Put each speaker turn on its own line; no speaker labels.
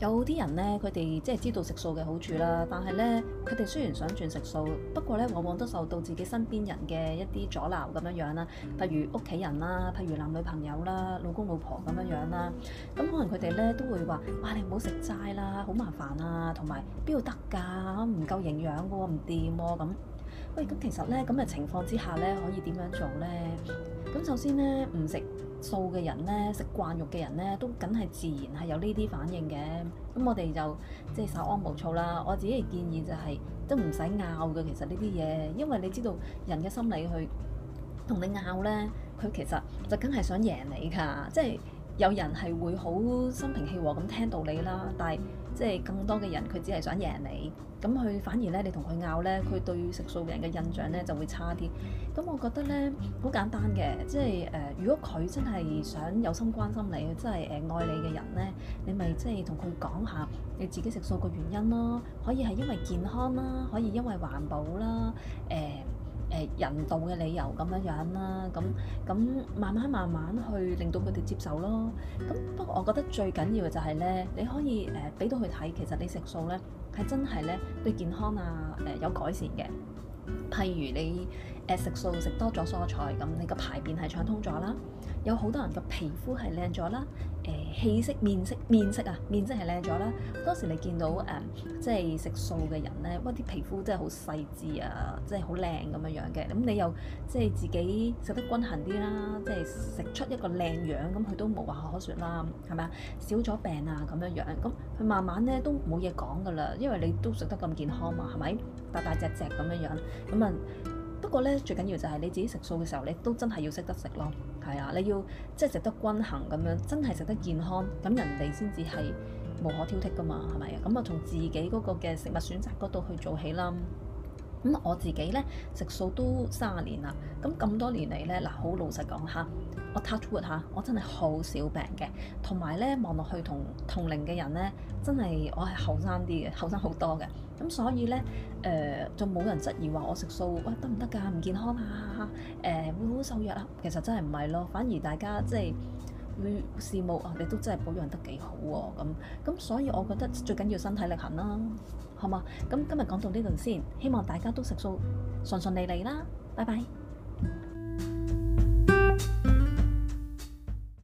有啲人咧，佢哋即係知道食素嘅好處啦，但係咧，佢哋雖然想轉食素，不過咧，往往都受到自己身邊人嘅一啲阻撓咁樣樣、啊、啦。譬如屋企人啦，譬如男女朋友啦，老公老婆咁樣樣、啊、啦，咁、嗯、可能佢哋咧都會話，哇，你唔好食齋啦，好麻煩啊，同埋邊度得㗎？唔夠營養嘅喎，唔掂喎。咁，喂、嗯，咁、嗯、其實咧，咁嘅情況之下咧，可以點樣做咧？咁首先咧，唔食素嘅人咧，食慣肉嘅人咧，都梗係自然係有呢啲反應嘅。咁我哋就即係稍安勿躁啦。我自己嘅建議就係、是、都唔使拗嘅，其實呢啲嘢，因為你知道人嘅心理去同你拗咧，佢其實就梗係想贏你㗎，即係。有人係會好心平氣和咁聽到你啦，但係即係更多嘅人佢只係想贏你，咁佢反而咧你同佢拗咧，佢對食素嘅人嘅印象咧就會差啲。咁我覺得咧好簡單嘅，即係誒、呃，如果佢真係想有心關心你，即係誒愛你嘅人咧，你咪即係同佢講下你自己食素嘅原因咯，可以係因為健康啦，可以因為環保啦，誒、呃。人道嘅理由咁樣樣啦，咁咁慢慢慢慢去令到佢哋接受咯。咁不過我覺得最緊要嘅就係、是、咧，你可以誒俾、呃、到佢睇，其實你食素咧係真係咧對健康啊誒、呃、有改善嘅。譬如你。誒食素食多咗蔬菜，咁你個排便係暢通咗啦。有好多人個皮膚係靚咗啦。誒、呃、氣色面色面色啊，面色係靚咗啦。當時你見到誒、呃，即係食素嘅人咧，哇！啲皮膚真係好細緻啊，即係好靚咁樣樣嘅。咁你又即係自己食得均衡啲啦，即係食出一個靚樣，咁佢都冇話可説啦，係咪啊？少咗病啊，咁樣樣。咁佢慢慢咧都冇嘢講噶啦，因為你都食得咁健康嘛，係咪大大隻隻咁樣樣咁啊？不過咧，最緊要就係你自己食素嘅時候，你都真係要識得食咯，係啊，你要即係食得均衡咁樣，真係食得健康，咁人哋先至係無可挑剔噶嘛，係咪啊？咁啊，從自己嗰個嘅食物選擇嗰度去做起啦。咁、嗯、我自己呢，食素都三十年啦，咁、嗯、咁多年嚟呢，嗱、啊，好老實講嚇，我 touch wood 嚇，我真係好少病嘅，同埋呢，望落去同同齡嘅人呢，真係我係後生啲嘅，後生好多嘅，咁、嗯、所以呢，誒、呃，就冇人質疑話我食素喂得唔得㗎？唔、哎、健康啊，誒、呃、會好瘦弱啊，其實真係唔係咯，反而大家即係。事務啊！你都真係保養得幾好喎、啊，咁咁所以我覺得最緊要身體力行啦、啊，好嘛？咁今日講到呢度先，希望大家都食素順順利利啦，拜拜。